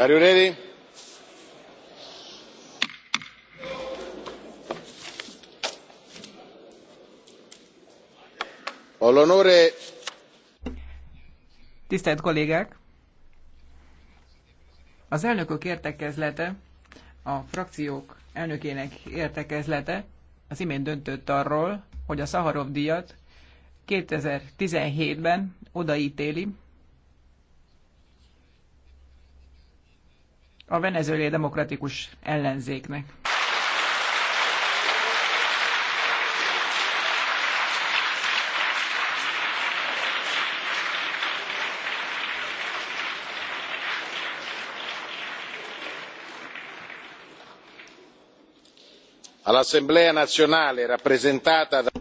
are you ready? ho tisztelt kollégák! az elnökök értekezlete a frakciók elnökének értekezlete az imént döntött arról hogy a szaharov díjat 2017-ben odaítéli a venezuelai demokratikus ellenzéknek. all'assemblea nazionale rappresentata da.